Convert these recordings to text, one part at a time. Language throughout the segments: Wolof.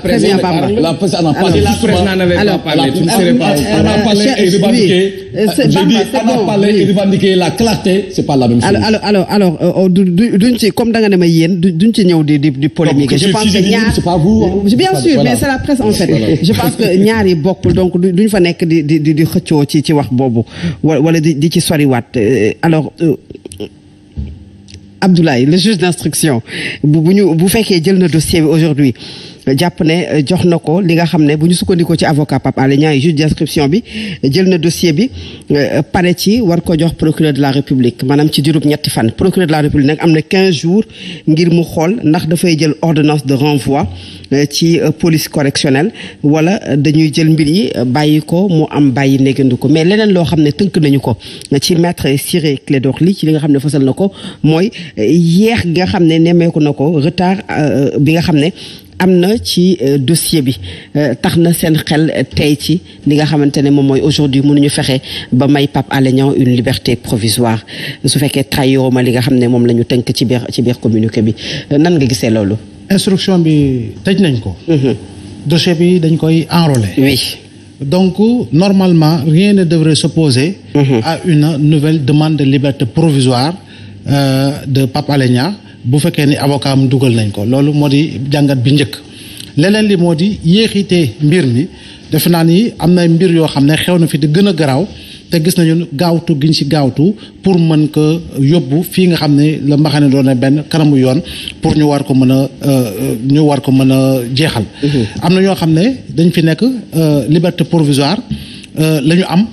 presse n'en parle. La presse n'en a parlé euh, euh, euh, et revendiqué. J'ai dit a parlé la clarté, c'est pas la même chose. Alors alors alors oh, duñ ci comme danga ne ma yéen duñ ci ñëw di di polémique. Je pense que ñaar c'est pas vous. Bien sûr, mais c'est la presse Je pense que ñaar yi bokkul donc duñ fa nekk di di di xëccoo ci ci wax boobu wala di di ci wat alors Abdoulaye le juge d'instruction bu bu ñu bu fekkee jël na dossier aujourd'hui jàpp ne euh, jox na ko li nga xam ne bu ñu sukkandikoo ci avocat Pape Alé Niang juge d'instruction bi jël na dossier bi euh, pare ci war ko jox procureur de la république maanaam ci diirub ñetti fan procureur de la république nag am na jours ngir mu xool ndax dafay jël ordonnance de renvoi euh, ci police correctionnelle wala dañuy jël mbir yi bàyyi ko mu am bàyyi négandu ko mais leneen loo xam ne tënk nañu ko ci maître Ciré Clédor Ly ci li nga xam ne fësal na ko mooy yeex gi nga xam ne nemmeeku na ko retard bi nga xam ne am na ci euh, dossier bi euh, tax na seen xel tey ci li nga xamante ne moom mooy aujourd'hui ñu fexe ba may Pape Alé Niang une liberté provisoire su fekkee trahiroo ma li nga xam ne moom la ñu tënk ci biir ci biir communiqué bi euh, nan nga gisee loolu. instruction bi tëj nañ ko. Mhm. dossier bi dañ koy enrôler. oui. donc normalement rien ne devrait s'opposer. Mhm. à une nouvelle demande de liberté provisoire de Pape Alé bu fekkee ni avocat mu dugal nañ ko loolu moo di jàngat bi njëkk leneen li moo di yéexitee mbir mi def naa ni am na mbir yoo xam ne xew na fi di gën a garaaw te gis nañu gaawtu giñ ci gaawtu pour mën ko yóbbu fii nga xam ne la mbaxane doon benn kanamu yoon pour ñu war ko mën a euh, ñu war ko mën a jeexal. Mm-hmm. am na ñoo xam ne dañ fi nekk euh, liberté provisoire euh, la ñu am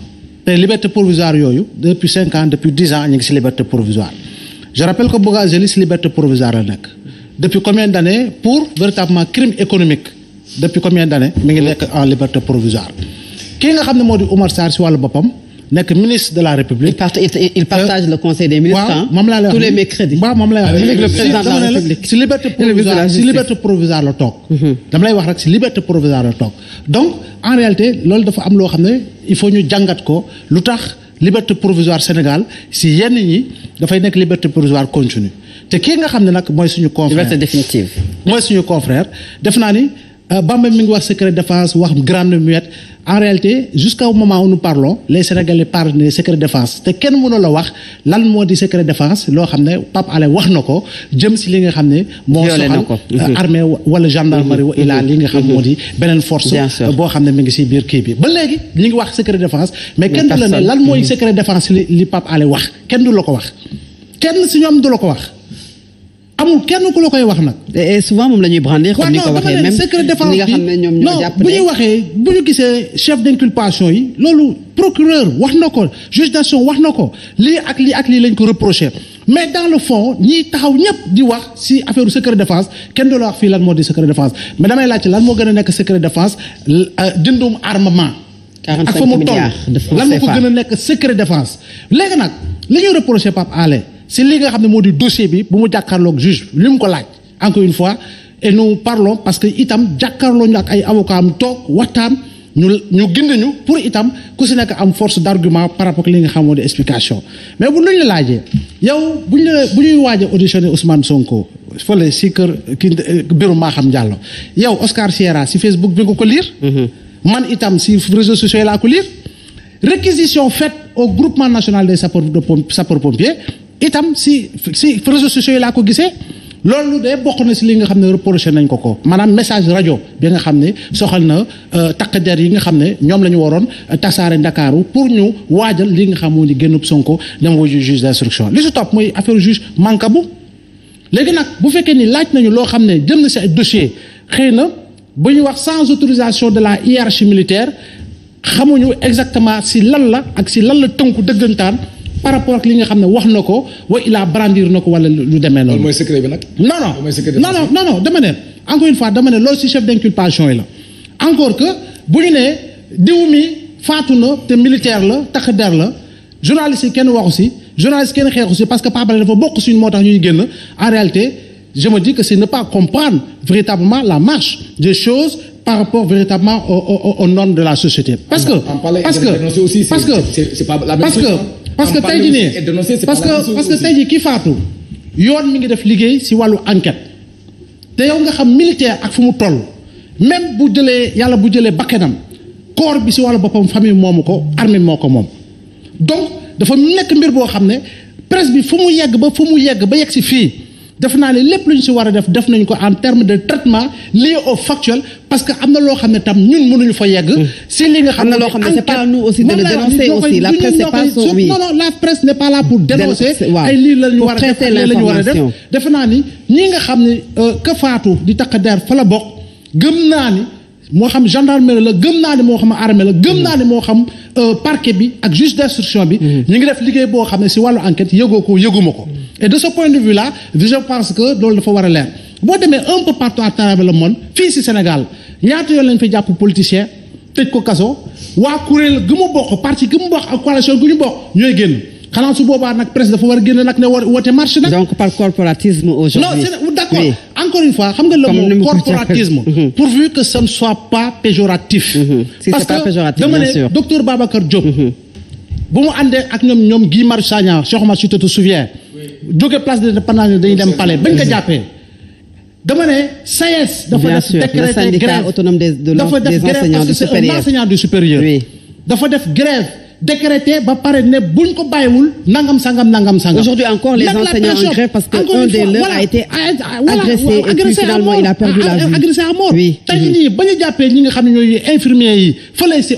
te liberté provisoire yooyu depuis cinq ans depuis dix ans ñu ngi ci liberté provisoire. je rappelle que Bougazelli liberté provisoire la nekk depuis combien d' années pour véritablement crime économique depuis combien d' années mi ngi nekk en liberté provisoire kii nga xam ne moo di Oumar Sarr si wàllu boppam nekk ministre de la République. il partage il partage euh, le conseil des ministres. waaw moom laa lay wax waaw moom lay wax avec le liberté provisoire la toog. Mm-hmm. dama wax rek si liberté provisoire la toog donc en réalité loolu dafa am loo xam ne il faut ñu jàngat ko lu tax. liberté provisoire Sénégal si yenn ñi dafay nekk liberté provisoire continue te kii nga xam ne nag mooy suñu confrère liberté définitive mooy suñu confrère def naa ni euh, Bamba mi ngi wax secret défense wax grande muette en réalité jusqu'au moment où nous parlons les sénégalais parlent de secret te kenn mënu la wax lan moo di secret défense loo xam ne Pape Alé wax na ko jëm si li nga xam ne moo soxal euh, mhm. armée wala gendarmerie wa mhm. ilaa li nga xam mhm. moo di beneen force boo xam ne mi ngi si biir kii bi ba léegi li ngi wax secret défense mais kenn du la ne lan mooy secret défense li li Pape Alé wax kenn du la ko wax kenn si ñoom du la ko wax amul kenn ku la koy wax nag. et souvent moom la ñuy brandir. comme ni ko waxee même secret défense bi nga xam ne ñoom ñoo jàpp ne bu ñu waxee bu ñu gisee chef d'inculpation yi loolu procureur wax na ko juge d'instruction wax na ko lii ak lii ak lii lañ ko reproché mais dans le fond ñiy taxaw ñëpp di wax si affaire secret défense kenn du la wax fii lan moo di secret défense mais damay laajte lan moo gën a nekk secret défense dindum euh, armement. ak fa mu toll lan moo ko gën a nekk secret défense léegi nag li ñuy reproché Pape Alé si li nga xam ne moo di dossier bi bu mu jàkkaarloog juge li mu ko laaj encore une fois et nous parlons parce que itam jàkkaarloo ñu ak ay avocat am toog waxtaan ñu ñu gindi ñu pour itam ku si nekk am force d' argument par rapport li nga xam moo di explication mais bu la laajee yow bu ñu la bu ñuy waajee auditionné Ousmane Sonko fële si kër kii bureau Maham Diallo yow Oscar Sierra si Facebook bi nga ko lire. Mhm. man itam si réseaux sociaux yi laa ko lire réquisition faite au groupement national des sapeurs de pompiers sapeurs pompiers. itam si si réseaux sociaux yi laa ko gisee loolu de bokk na si li nga xam ne reproché nañ ko ko maanaam message rajo bi nga xam ne soxal na euh, takk der yi nga xam ne ñoom la ñu waroon euh, tasaare ndakaaru pour ñu waajal li nga xam moo di génnub Sonko dem wuyu juge d'instruction li si topp mooy affaire juge Mancabou léegi nag bu fekkee ni laaj nañu loo xam ne jëm na si ay dossier xëy na bu ñu wax sans autorisation de la hiérarchie militaire xamuñu exactement si lan la ak si lan la tënku dëggantaan par rapport ak li nga xam ne wax na ko wa ilaa brandir na ko wala lu demee noonu. mooy secret bi non non non non non dama encore une fois dama ne loolu si chef d'inculpation yi la encore que bu ñu nee diw mi faatu na te militaire la takk der la journaliste yi kenn waxu si journaliste kenn xeexu si parce que Pape Alé dafa bokk suñu moo tax ñuy génn en réalité je me dis que c'est ne pas comprendre véritablement la marche des choses par rapport véritablement de la société. parce que parce que parce que tey jii nii parce que parce que tey jii ki faatu yoon mi ngi def liggéey si wàllu enquête te yow nga xam militaire ak fu mu toll même bu jëlee yàlla bu jëlee bakkenam corps bi si wàllu boppam famille moomu ko armée moo ko moom donc dafa nekk mbir boo xam ne presse bi fu mu yegg ba fu mu yegg ba yegg si fii. def naa ne lépp lu ñu si war a def def nañ ko en terme de traitement lié au factuel parce que am na loo xam ne tam ñun mënuñu fa yegg. Hmm. si li nga xam ne loo xam ne aussi de aussi la presse c'est pas son non non la presse n'est pas là pour dénoncer ay lii la ñu war a def lii la war a def defe naa ni ñi nga xam ne ka euh, faatu di takk der fa la bokk gëm naa ni. moo xam gendarmerie la gëm naa ne moo xam armée la gëm naa ne moo xam euh, parquet bi ak juge d'instruction bi mhm. ñu ngi def liggéey boo xam ne si wàllu enquête yëgoo ko yëguma ko et de ce point de vue là je pense que loolu dafa war a leer boo demee un peu partout à travers le monde fii si Sénégal ñaata yoon lañ fi jàpp politicien tëj ko kaso waa kuréel gi mu bokk parti gi mu bokk ak coalition gi ñu bokk ñooy génn xanaa su boobaa nag presse dafa war a génn nag ne woote marche nag donc d'accord oui. encore une fois xam nga le mot corporatisme mhm. pourvu que ce ne soit pas péjoratif mhm. si parce c'est pas péjoratif bien que dama ne docteur Babacar Diop mhm. bu mu àndee ak ñoom ñoom Guy Marius Sagna Cheikh Omar Sy tu te place de l'Indépendance dañuy dem palais bañ ko jàppee dama ne SAES dafa def décret le syndicat autonome des dafa def grève décrété ba pare ne buñ ko bàyyiwul nangam sangam nangam sangam. aujourd'hui encore les enseignants parce que un des leurs a été agressé la vie jàppee ñi nga xam ne ñooy infirmiers yi fële si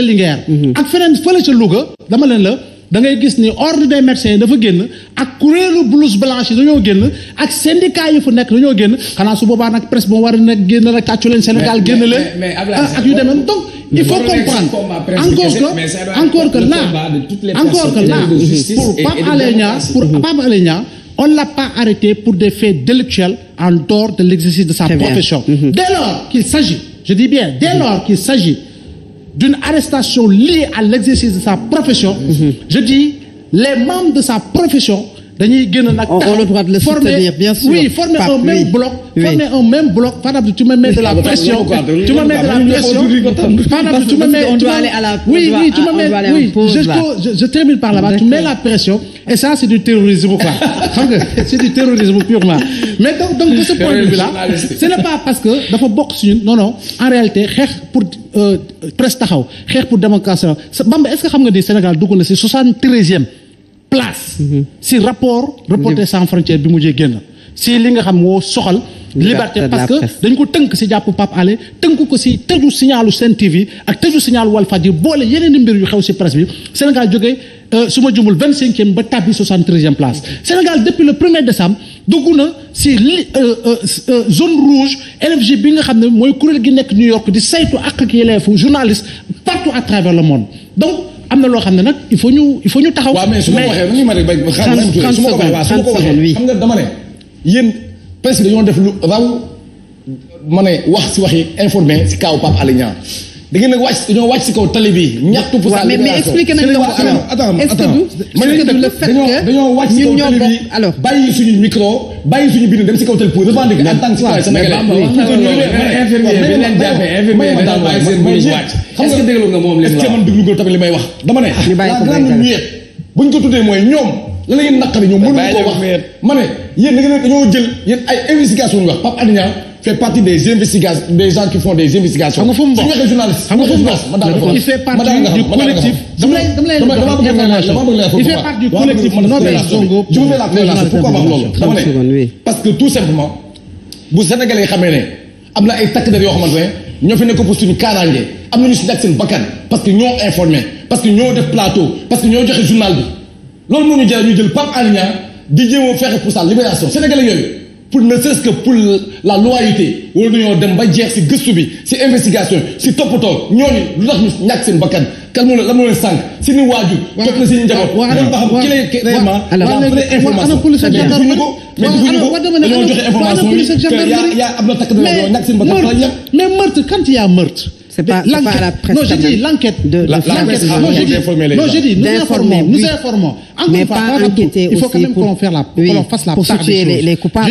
Linguère mhm. ak feneen fële ca Louga leen la da ngay gis ni ordre des médecins dafa génn ak kuréelu blouse blanche yi dañoo génn ak syndicat yi fu nekk dañoo génn xanaa su boobaa nag presse boo a nag génn rek tàccu leen Sénégal génn leen ah, ak yu demee donc il faut comprendre encore que encore là pour Pape Alé pour mm-hmm. Pape Alé Niang on l'a pas arrêté pour des faits délictuels en dehors de l'exercice de sa profession mm-hmm. dès lors qu'il s'agit je dis bien dès mm-hmm. lors qu'il s'agit d'une arrestation liée à l'exercice de sa profession je dis les membres de sa profession dañuy génn nag. on on le droit de le soutenir bien sûr oui former un même bloc. former un même bloc Fadab tu me mets de la pression. tu me mets de la pression Fadab tu me mets. on doit oui je termine par là-bas tu mets la pression et ça c'est parce que dafa bokk non non en réalité xeex pour euh, presse taxaw xeex pour démocratie Bamba est-ce que xam nga ni Sénégal dugg na si soixante-treizième place mhm. si rapport Reporters sans frontières bi mu mujjee génn si li nga xam woo soxal liberté parce que dañ ko tënk si jàpp Pape Alé tënk ko si tëju signalu Sen TV ak tëju signalu Walfadjri boole yeneen i mbir yu xew si presse bi Sénégal jógee euh, su ma jumul vingt cinquième ba tàbbi soixante treizième place Sénégal depuis le premier décembre dugg na si li euh, euh, zone rouge LFG bi nga xam ne mooy kuréel gi nekk New York di saytu ak ak yelleefu journaliste partout à travers le monde am na loo xam ne nag il faut ñu il faut ñu taxaw. mais su ma ko waxee ma rek ba xam su ma ko waxee xam nga dama ne yéen presse bi dañoo def lu raw ma ne wax si waxi informé si kaw Pape Alé da ngeen a wàcc dañoo wàcc si kaw tali bi ñaxtu pour sa libération mais mais expliqué nañ la wax alors est-ce que du le fait que dañoo wàcc si kaw tali bi alors bàyyi suñu micro bàyyi suñu bind dem si kaw tali pour revendiquer en tant que citoyen sénégalais xam nga déglu nga moom li mu wax man déglu nga tamit li may wax dama ne la grande muette buñ ko tuddee mooy ñoom la la ngeen naqari ñoom mënuñu ko wax ma ne yéen da ngeen dañoo jël yéen ay investigation ñu wax Pape Alé Niang fait partie des investigations des gens qui font des investigations. xam nga fu mu bokk xam nga fu mu bokk il fait partie du collectif. dama lay dama lay information il fait partie du collectif Nobel Songo. je vous fais la présentation pourquoi wax loolu. dama ne parce que tout simplement bu Sénégalais yi xamee ne am na ay takk der yoo xamante ne ñoo fi nekk pour suñu kaaraange am na ñu si nekk seen bakkan parce que ñoo informé parce que ñoo def plateau parce que ñoo joxe journal bi loolu moo ñu jël ñu jël Pape Alé Niang di jéem a fexe pour sa libération sénégalais yooyu. pour ne serait-ce que pour la loyauté war nañoo dem ba jeex si gëstu bi si investigation si toppatoo ñooñu lu tax ñu ñàkk seen bakkan kan moo la lan moo leen sànq si ni waajur. waaw toog na si ñu njaboot. waaw waaw waaw waaw léegi waaw ana police ak gendarmerie mais meurtre quand il y a meurtre C'est pas, à la presse. Non, j'ai dit l'enquête. De, de la, la presse, non, j'ai dit, nous informons, nous informons. Encore mais pas, Il faut quand même qu'on pour part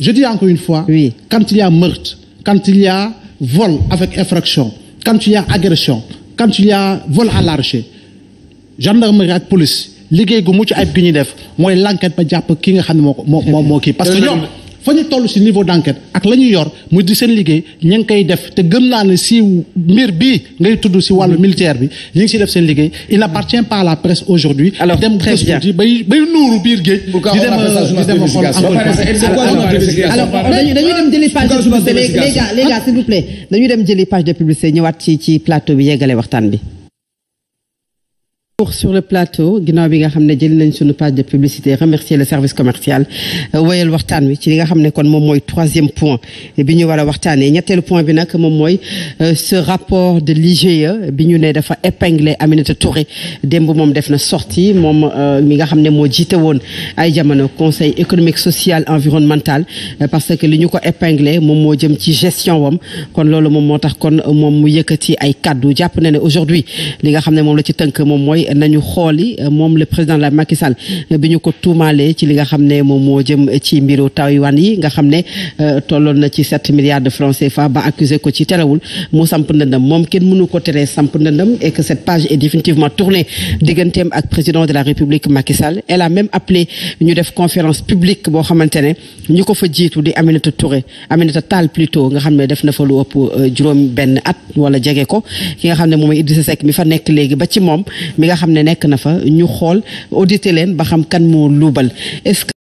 je dis encore une fois, pas le rôle de quand il y a meurtre, quand il y a vol avec infraction, quand il y a agression, quand il y a vol à l'archer, gendarmerie ak police, liggéey gu mucc ayib gi ñuy def mooy l'enquête ba jàpp ki nga xam ne moo moo moo parce que ñoom fa ñu toll si niveau d' enquête ak la ñu yor mu di seen liggéey ñu ngi koy def te gën naa ne si miir bi ngay tudd si wàllu mhm. militaire bi ñu ngi siy def seen liggéey il n'appartient pas à la presse aujourd'hui dem gëstu bay bay nuuru biir géej di dem euh, xool alors dañuy dem jëli page de dañuy dem jëli page de publicité ñëwaat ci ci plateau bi yeggale waxtaan bi pour sur le plateau ginnaaw bi nga xam ne jël nañ suñu page de publicité remercier le service commercial euh, woyal waxtaan wi ci li nga xam ne kon moom mooy troisième point bi ñu war a waxtaanee ñetteelu point bi nag moom mooy euh, ce rapport de l'IGE bi ñu ne dafa épinglé Aminata Touré démb moom def na sortie moom euh, mi nga xam ne moo jiite woon ay jamono conseil économique social environnemental parce que li ñu ko épinglé moom moo jëm ci gestion wam kon loolu nañu xooli euh, moom le président la Macky Sall euh, bi ñu ko tuumaalee ci li nga xam ne moom moo jëm ci mbiru Taïwan yi nga xam ne euh, tolloon na ci sept milliards de francs CFA ba accusé ko ci terewul mu samp ndëndam moom kenn mënu ko teree samp ndëndam et que cette page est définitivement tournée digganteem ak président de la République Macky Sall elle a même appelé ñu def conférence publique boo xamante ne ñu ko fa jiitu di Aminata Touré Aminata Tall plutôt nga xam ne def na fa lu ëpp juróom benn at wala jege ko ki nga xam ne moom Idrissa Seck mi fa nekk léegi ba ci moom xam ne nekk na fa ñu xool auditer leen ba xam kan moo luubal est-ce